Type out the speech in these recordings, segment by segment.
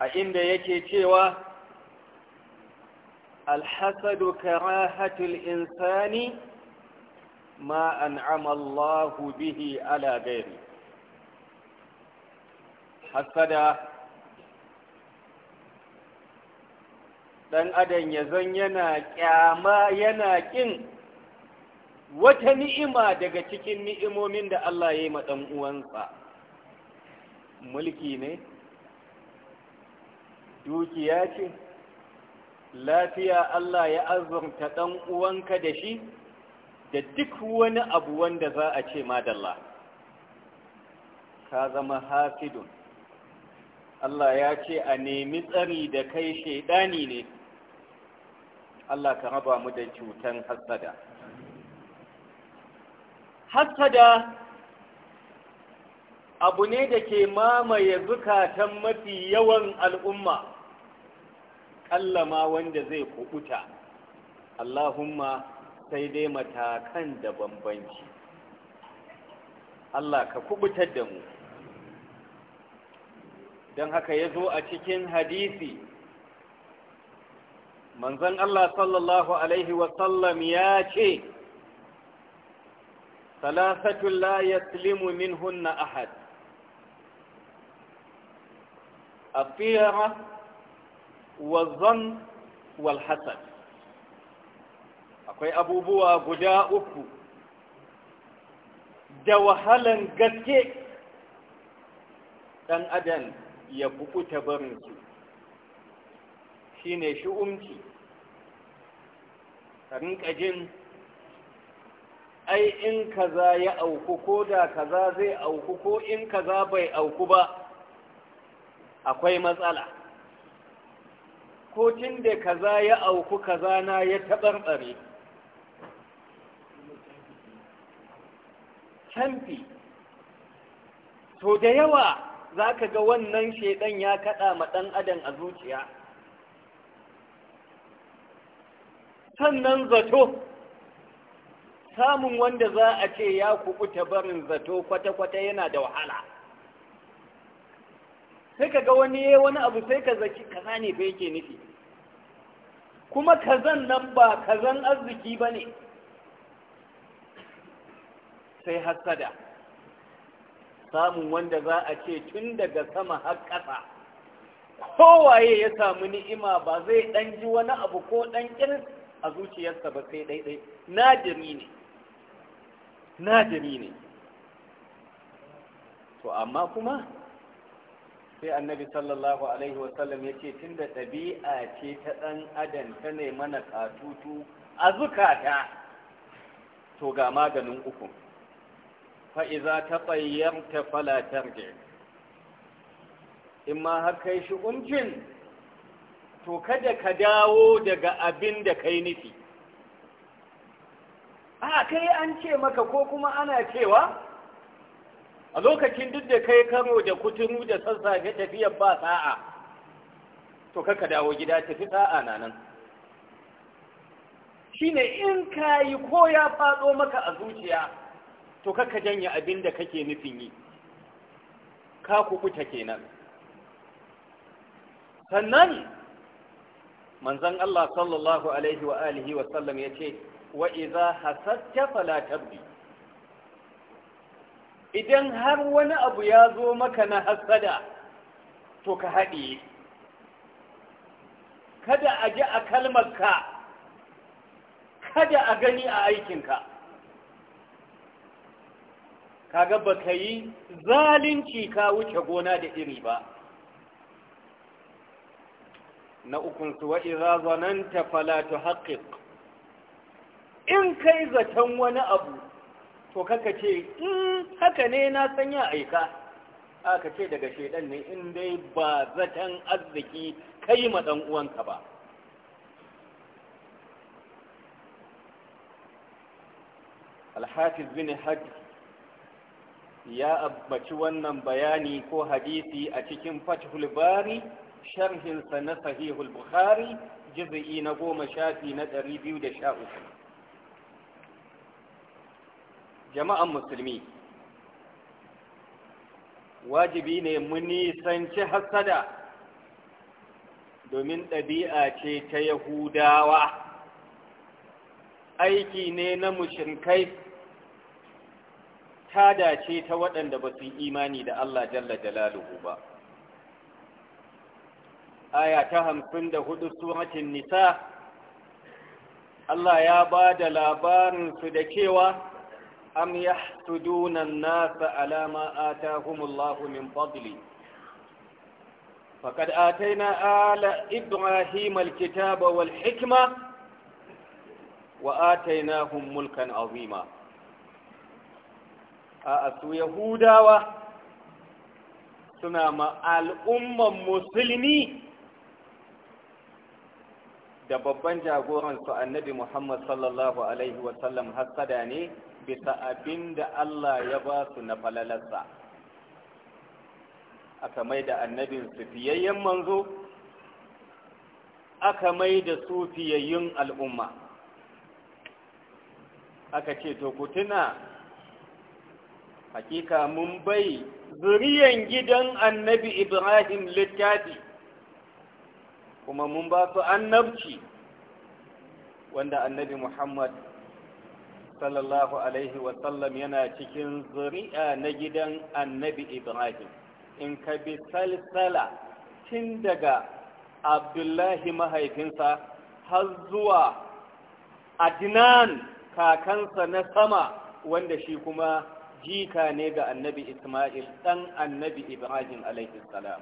a inda yake cewa alhasadu karahatul insani ma an amallahu bihi ala gari hasada dan adam ya zan yana kyama yana kin wata ni'ima daga cikin ni'imomin da Allah ya yi ma ɗan mulki ne dukiya ce lafiya Allah ya azurta ɗan uwanka da shi da duk wani abu wanda za a ce madalla ka zama hafidun Allah ya ce a nemi tsari da kai shaidani ne Allah ka raba mu da cutan hasada hasada abu ne da ke mamaye zukatan mafi yawan al'umma kallama wanda zai kubuta Allahumma sai dai matakan da bambanci Allah ka kubutar da mu don haka ya zo a cikin hadisi manzon Allah sallallahu Alaihi wasallam ya ce ثلاثة لا يسلم منهن أحد الطيرة والظن والحسد akwai abubuwa guda uku da wahalan gaske ɗan adam ya kukuta barinsu shi ne ka rinka ai in kaza ya auku ko da kaza zai auku ko in kaza bai auku ba akwai matsala ko tun da kaza ya auku kaza na ya taɓarɓare canfi to da yawa za ka ga wannan shaidan ya kaɗa ma ɗan adam a zuciya sannan zato samun wanda za a ce ya kubuta barin zato kwata-kwata yana da wahala sai ka ga wani ya wani abu sai ka zaki kaza ne fa yake nufi kuma kazan nan ba kazan arziki ba ne sai hasada samun wanda za a ce tun daga sama har ƙasa kowaye ya samu ni'ima ba zai ɗan ji wani abu ko ɗan ƙirs a zuciyarsa ba sai ɗaiɗai nadiri ne najami ne to amma kuma sai annabi sallallahu alaihi wasallam ya ce tun da ɗabi'a ce ta ɗan adam ta ne mana katutu a zukata to ga maganin uku fa'iza ta ta falatar da in ma har kai shi ƙuncin? to kada ka dawo daga abin da kai nufi a kai an ce maka ko kuma ana cewa a lokacin duk da kai karo da kuturu da sassafe tafiyar ba sa'a to kaka dawo gida tafi sa'a na nan Shi ne in ka yi ko ya faɗo maka a zuciya to kaka janye abin da kake nufin yi ka kukuta kenan sannan manzon Allah sallallahu alaihi wa'alihi wasallam ya ce wa idza hasatta fala tabdi idan har wani abu ya zo maka na hasada to ka haɗiye kada a ji a kalmarka kada a gani a aikinka kaga ba ka yi zalunci ka wuce gona da iri ba na ukunsu wa'iza zananta tu haƙiƙ in kai zaton wani abu to kaka ce in hmm, haka ne na san ya aika aka ce daga shaidan ne in dai ba zaton arziki kai ma dan uwanka ba alhafiz bin hajj ya abbaci wannan bayani ko hadisi a cikin fathul bari sharhinsa na sahihul bukhari juz'i na goma shafi na 213 jama'an musulmi wajibi ne mu nisanci hasada domin ɗabi'a ce ta yahudawa aiki ne na mushinkai ta dace ta waɗanda ba su yi imani da Allah jalla jalaluhu ba aya ta hamsin da hudu suratun nisa Allah ya ba da labarinsu da cewa أم يحسدون الناس على ما آتاهم الله من فضله فقد آتينا آل إبراهيم الكتاب والحكمة وآتيناهم ملكا عظيما أأسوا يهودا سنام الأمة مسلمين da babban jagoransu annabi Muhammad sallallahu Alaihi wasallam hassada ne bisa abin da Allah ya ba su na falalarsa aka mai da annabin su manzo aka mai da su al'umma aka ce to ku tuna hakika mun bai zuriyan gidan annabi ibrahim littafi kuma mun ba su annabci wanda annabi muhammad sallallahu alaihi wasallam yana cikin zuri'a na gidan annabi ibrahim in ka bi salsala tun daga abdullahi mahaifinsa har zuwa adnan kakansa na sama wanda shi kuma jika ne ga annabi ismail ɗan annabi ibrahim alaihi salam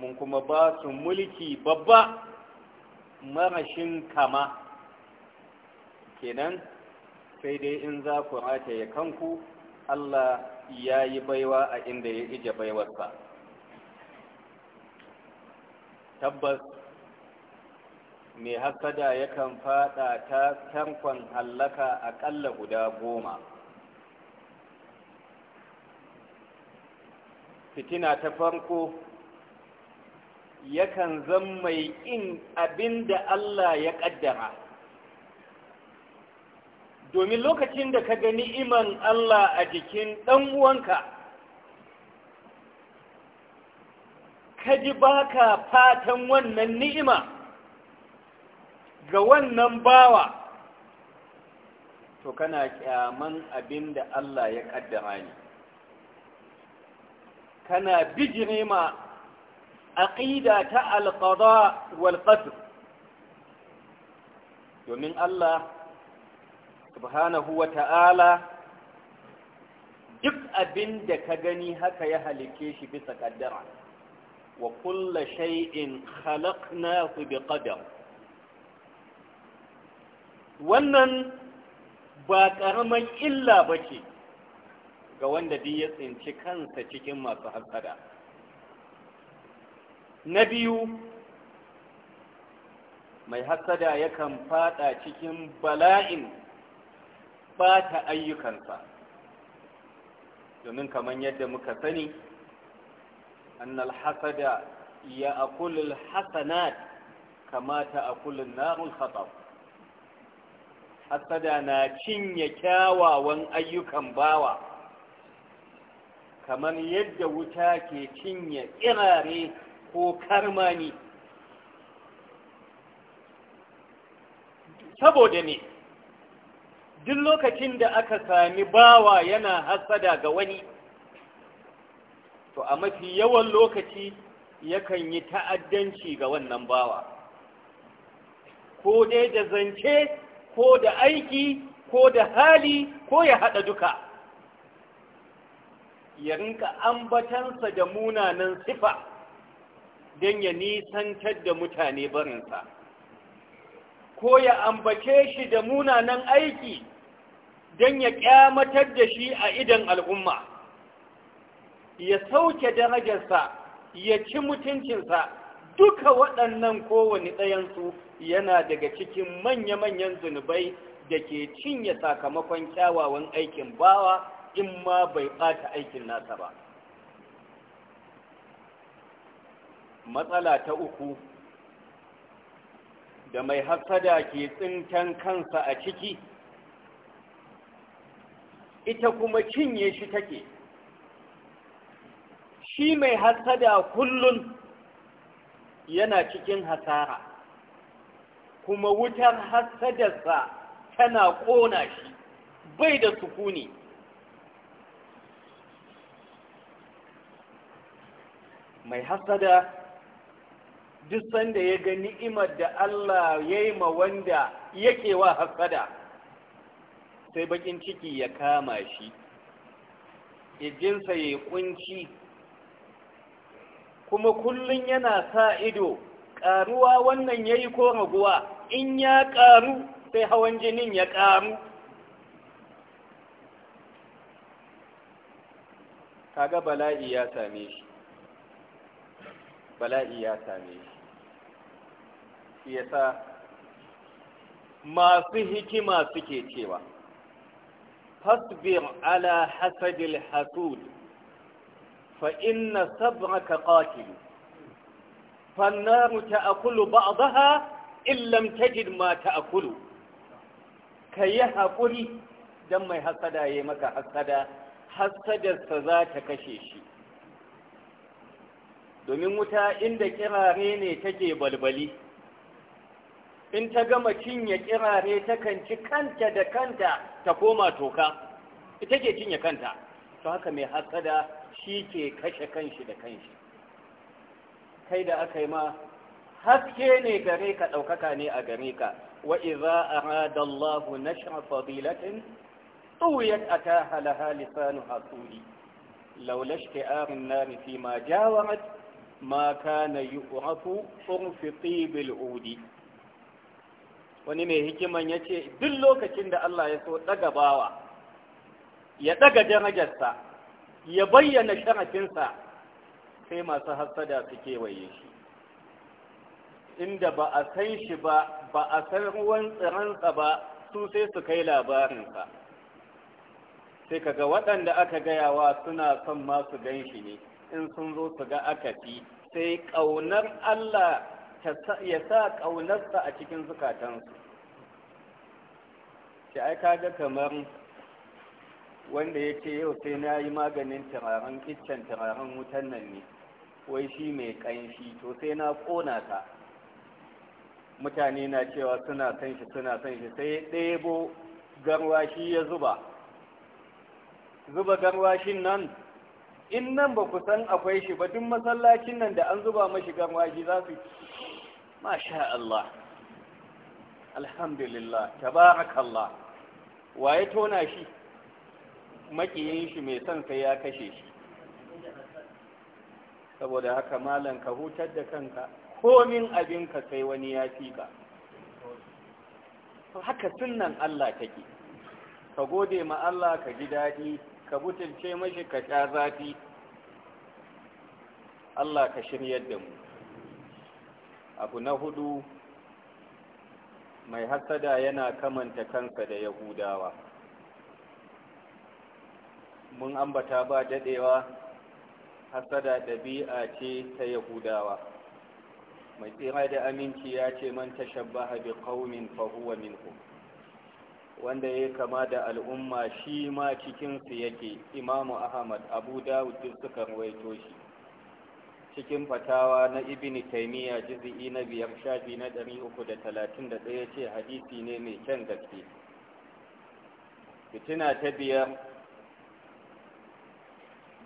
mun kuma ba su mulki babba marashin kama kenan sai dai in za ku rataye kanku Allah ya yi baiwa a inda ya ije baiwarsa tabbas mai hasada yakan fada ta tankon hallaka aƙalla guda goma fitina ta farko yakan zan mai abin abinda Allah ya ƙaddara domin lokacin da ka gani iman Allah a jikin ɗan'uwanka, ka ji baka fatan wannan ni'ima ga wannan bawa to kana kyaman abin da Allah ya ƙaddara ni kana bijire ma ƙida ta alƙada wal domin Allah subhanahu wa ta'ala duk abin da ka gani haka ya halike shi bisa kaddara wa kulla shay'in khalaqnahu bi qadar wannan ba ƙaramin illa ba ce ga wanda bi ya tsinci kansa cikin masu hasada, na biyu mai hasada yakan fada cikin bala'in ta ayyukansa domin kamar yadda muka sani annal hasada ya akulul hasanat kamata akulun na'ul khatab hasada na cinye kyawawan ayyukan bawa kamar yadda wuta ke cinye irare ko karmani saboda ne duk lokacin da aka sami bawa yana hasada ga wani to a mafi yawan lokaci yakan yi ta'addanci ga wannan bawa ko dai da zance ko da aiki ko da hali ko ya haɗa duka ya rinka ambatansa da munanan sifa don ya nisantar da mutane barinsa ko ya ambace shi da munanan aiki don ya kyamatar da shi a idan al'umma ya sauke darajarsa ya ci mutuncinsa duka waɗannan kowane ɗayansu yana daga cikin manya-manyan zunubai da ke cinye sakamakon kyawawan aikin bawa in ma bai ɓata aikin nasa ba matsala ta uku da mai hasada ke tsintan kansa a ciki ita kuma cinye shi take shi mai hasada kullun yana cikin hasara kuma wutar hasadarsa tana kona shi bai da sukuni mai hasada duk sanda ya ga ni'imar da Allah ya yi ma wanda yake wa hasada sai bakin ciki ya kama shi Ijinsa ya kunci kuma kullum yana sa ido ƙaruwa wannan ya yi ko raguwa in ya ƙaru sai hawan jinin ya ƙaru kaga bala'i ya same shi bala'i ya same shi shi yasa masu hikima suke cewa fasbir ala hasadil hasud fa inna sabraka qatil fannaru ta'kulu ba'daha illam tajid ma ta'kulu kayi hakuri dan mai hasada yayi maka hasada hasadarsa za ta kashe shi domin wuta inda kirare ne take balbali in ta gama cinye kirare takan ci kanta da kanta ta koma toka ita ke cinye kanta to haka mai hassada shi ke kashe kanshi da kanshi kai da aka yi ma haske ne gare ka ɗaukaka ne a gare ka wa iza arada Allah nashra fadilatin a أتاها لها لسانها طولي لولا اشتئار النار فيما جاورت ما كان يؤرف عرف طيب العود wani mai hikiman ya ce duk lokacin da Allah ya so ɗaga bawa ya ɗaga darajarsa ya bayyana sharafinsa sai masu hassada su kewaye shi inda ba a san shi ba ba a san ruwan tsiransa ba su sai su kai labarinsa sai kaga waɗanda aka gayawa suna son masu gan shi ne in sun zo su ga aka fi, sai ƙaunar Allah ya sa ƙaunarsa a cikin zukatansu shi ai kaga kamar wanda ya ce yau sai na yi maganin turaren kiccan turaren wutan nan ne wai shi mai ƙanshi to sai na ƙona ta mutane na cewa suna san shi suna san shi sai ɗebo garwashi ya zuba zuba garwashin nan in nan ba ku san akwai shi ba duk masallacin nan da an zuba mashi garwashi za su ما شاء الله الحمد لله تبارك الله tona shi? makiyin shi mai son kai ya kashe shi saboda haka malam ka hutar da kanka komin abinka sai wani ya fi ka haka sunnan Allah take ka gode ma Allah ka ji daɗi ka butulce mashi ka sha zafi Allah ka shiryar da mu abu na hudu mai hasada yana kamanta kansa da yahudawa mun ambata ba dadewa hasada ɗabi'a ce ta yahudawa mai tsira da aminci ya ce man tashabbaha bi qaumin fa huwa minhum wanda ya kama da al'umma shi ma cikinsu yake imamu ahmad abu dawud duk suka rawaito shi cikin fatawa na ibn taymiya jizi'i na biyar shafi na 331 ce hadisi ne mai kyan gaske fitina ta biyar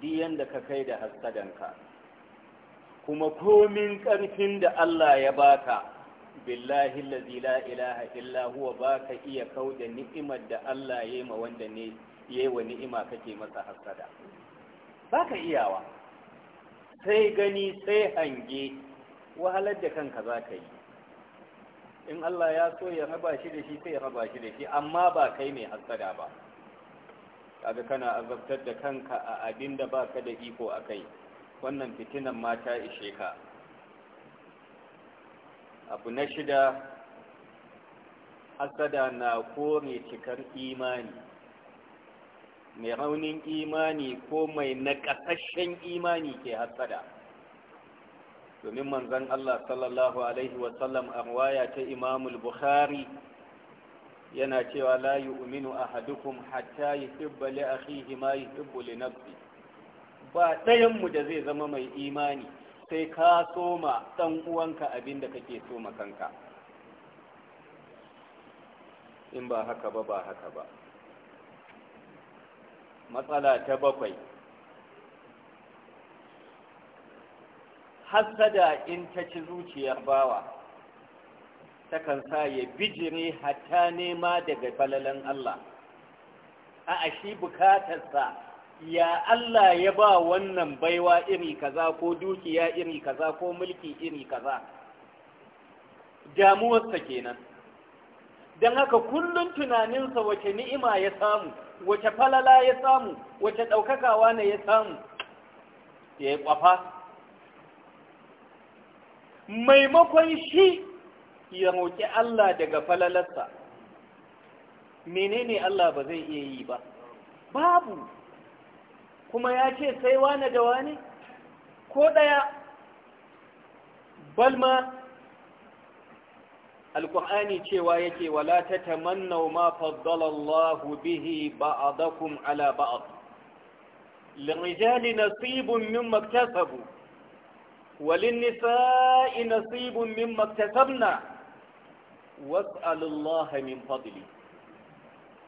diyan da ka kai da hasadanka kuma komin karfin da Allah ya baka billahi lazi la ilaha illa huwa baka iya kauda ni'imar da Allah ya yi ma wanda ne yayi wa ni'ima kake masa hasada baka iyawa sai gani sai hange wahalar da kanka za ka yi in Allah ya so ya raba shi da shi sai ya raba shi da shi amma ba kai mai hasada ba kaga kana azabtar da kanka a abin da ba ka da iko a kai wannan fitinan ma ta ishe ka abu na shida hasada na kore cikar imani mai raunin imani ko mai naƙasashen imani ke hasada domin manzon Allah sallallahu alaihi wasallam a riwaya ta Imamul Bukhari yana cewa la yu'minu ahadukum hatta yuhibba li akhihi ma yuhibbu li ba ɗayan mu da zai zama mai imani sai ka soma ɗan uwanka abinda kake soma kanka in ba haka ba ba haka ba matsala ta bakwai hassada in ta ci zuciyar bawa takan sa ya bijire hatta nema daga falalan Allah a ashi bukatarsa ya Allah ya ba wannan baiwa iri kaza ko dukiya iri kaza ko mulki iri kaza damuwarsa kenan don haka kullum tunaninsa wace ni'ima ya samu wace falala ya samu wace ɗaukakawa ne ya samu ya yi ƙwafa maimakon shi ya roƙi Allah daga falalarsa menene Allah ba zai iya yi ba babu kuma ya ce sai wane da wane ko ɗaya balma alkur'ani cewa yake wala ta tamannau ma faddalallahu bihi ba'adakum ala ba'ad lirijali nasibun min maktasabu وللنساء نصيب مما اكتسبنا واسأل الله min فضله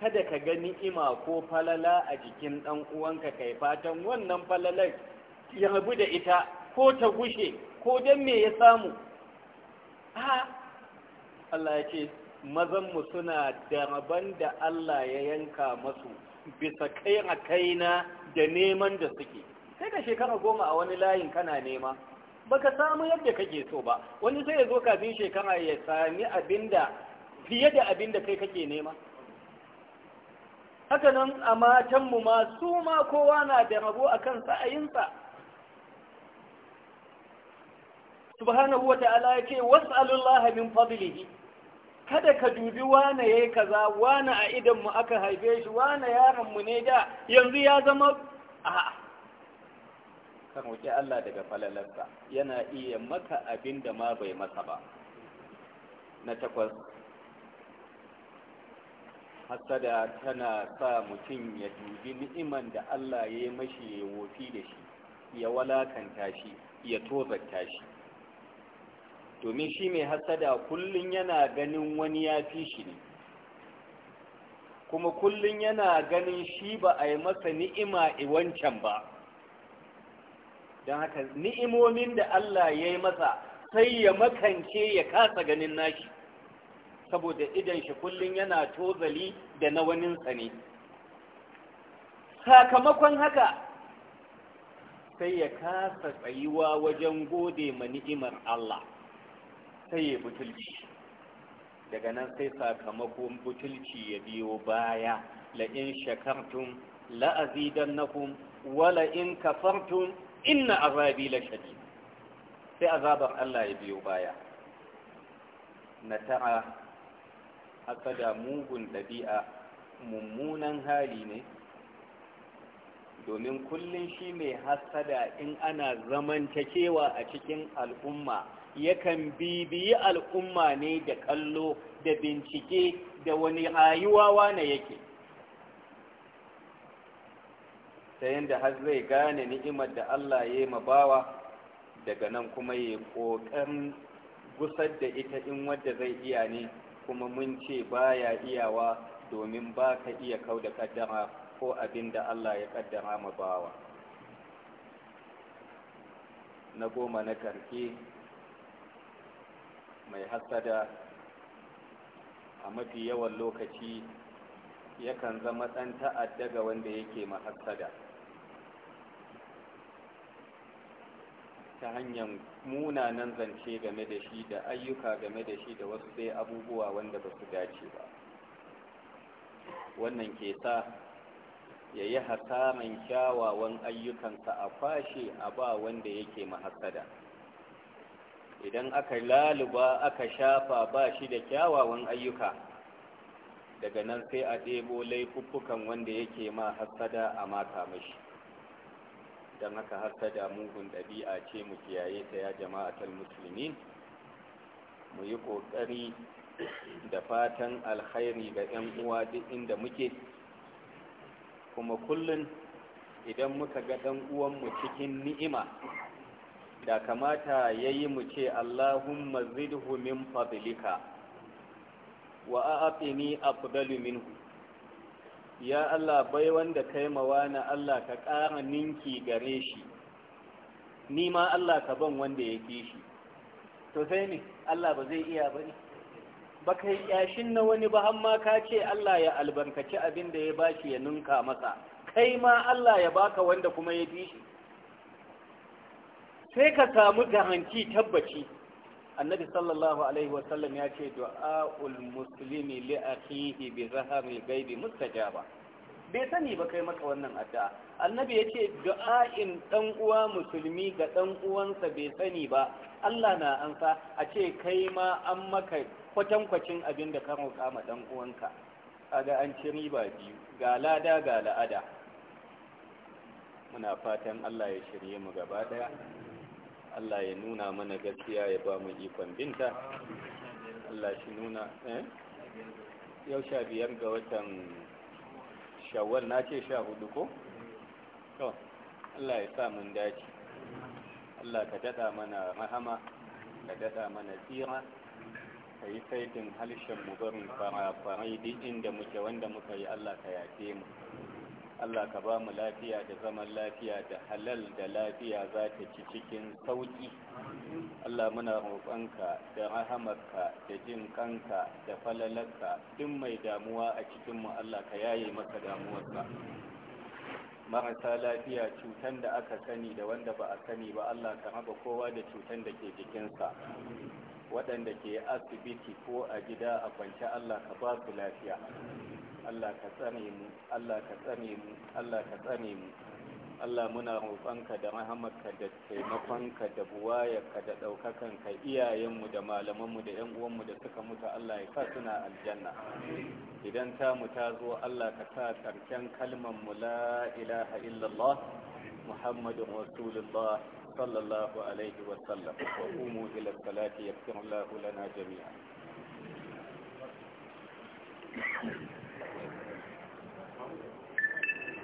kada ka ga ni'ima ko falala a jikin ɗan uwanka kai fatan wannan falalar ya rabu da ita ko ta gushe ko dan me ya samu a Allah ya ce mazanmu suna da rabon da Allah ya yanka masu bisa kai a kaina da neman da suke sai ka shekara goma a wani layin kana nema baka samu yadda kake so ba wani sai ya zo kafin shekara ya sami abinda fiye da abinda kai kake nema haka nan a matanmu ma ma kowa na da rabo akan sa'ayinsa subhanahu wa ta'ala ya ce was'alullaha min fadlihi kada ka dubi wane yayi kaza wane a idan mu aka haife shi wane yaron mu ne da yanzu ya zama a kan wuce Allah daga falalarsa yana iya maka abin da ma bai maka ba na takwas hasada tana sa mutum ya dubi ni'iman da Allah ya yi mashi ya wofi da shi ya walakanta shi ya tozarta shi domin shi mai hasada kullum yana ganin wani ya fi shi ne kuma kullum yana ganin shi ba a yi masa ni'ima a wancan ba don haka ni'imomin da Allah ya yi masa sai ya makance ya kasa ganin nashi saboda idan shi kullum yana tozali da na waninsa ne sakamakon haka sai ya kasa tsayuwa wajen gode ma ni'imar Allah sai butulci daga nan sai sakamakon butulci ya biyo baya la'in shakartum la'azidannakum wala in kafartum inna azabi la shadid sai azabar Allah ya biyo baya na ta'a da mugun ɗabi'a mummunan hali ne domin kullum shi mai hasada in ana zamantakewa a cikin al'umma yakan bibiyi al'umma ne da kallo da bincike da wani rayuwa wane yake ta yadda har zai gane ni'imar da Allah ya yi mabawa daga nan kuma ya ƙoƙarin gusar da ita in wadda zai iya ne kuma mun ce baya iyawa domin ba ka iya kau da kaddara ko abin da Allah ya kaddara mabawa na goma na karke mai hasada a mafi yawan lokaci yakan zama ɗan ta'adda ga wanda yake hasada ta hanyar munanan zance game da shi da ayyuka game da shi da wasu dai abubuwa wanda ba su dace ba wannan ke sa ya yi mai kyawawan ayyukansa a fashe a ba wanda yake mahassada idan aka laluba aka shafa ba shi da kyawawan ayyuka daga nan sai a ɗebo laifuffukan wanda yake ma hasada a mata mashi don haka hasada mugun ɗabi'a ce mu kiyaye ta ya jama'atar musulmi mu yi ƙoƙari da fatan alkhairi ga 'yan uwa duk inda muke kuma kullum idan muka ga ɗan uwanmu cikin ni'ima da kamata ya yi mu ce Allahumma zidhu min fadlika wa a'tini afdalu minhu ya Allah bai wanda kai mawa na Allah ka ƙara ninki gare shi ni ma Allah ka ban wanda ya fi shi to sai ne Allah ba zai iya bane ba kai yashin na wani ba amma ka ce Allah ya albarkaci abin da ya bashi ya ninka masa kai ma Allah ya baka wanda kuma ya fi shi sai ka samu garanti tabbaci annabi sallallahu alaihi wasallam ya ce du'a'ul muslimi li akhihi bi zaharil ghaibi mustajaba bai sani ba kai maka wannan addu'a annabi yace du'a'in dan uwa musulmi ga dan uwansa bai sani ba Allah na ansa a ce kai ma an maka kwatankwacin abin da ka roƙa ma dan uwanka kaga an ci riba biyu ga lada ga la'ada muna fatan Allah ya shirye mu gaba daya Allah ya nuna mana gaskiya ya ba mu ikon binta Allah shi nuna eh yau sha biyar ga watan shawwal na ce sha hudu ko to Allah ya sa mun dace Allah ka dada mana rahama ka dada mana tsira ka yi saitin halshen mu barin fara farai duk inda muke wanda muka yi Allah ka yafe mu Allah ka ba mu lafiya da zaman lafiya da halal da lafiya za ta ci cikin sauƙi Allah muna roƙonka da rahamarka da jin kanka da falalarka duk mai damuwa a cikinmu Allah ka yaye masa damuwarka. marasa lafiya cutan da aka sani da wanda ba a sani ba Allah ka raba kowa da cutan da ke jikinsa waɗanda ke asibiti ko a gida a kwance Allah ka ba su lafiya Allah ka tsare mu Allah ka tsare mu Allah ka tsare mu Allah muna roƙonka da rahamarka da taimakonka da buwayarka da ɗaukakanka iyayenmu da malamanmu da ‘yan uwanmu da suka mutu Allah ya sa suna aljanna idan ta mu ta zo Allah ka sa ƙarshen kalmar mu la ilaha illallah muhammadun rasulullah sallallahu alaihi wa sallam wa qumu ila salati yaghfir Allah lana jami'a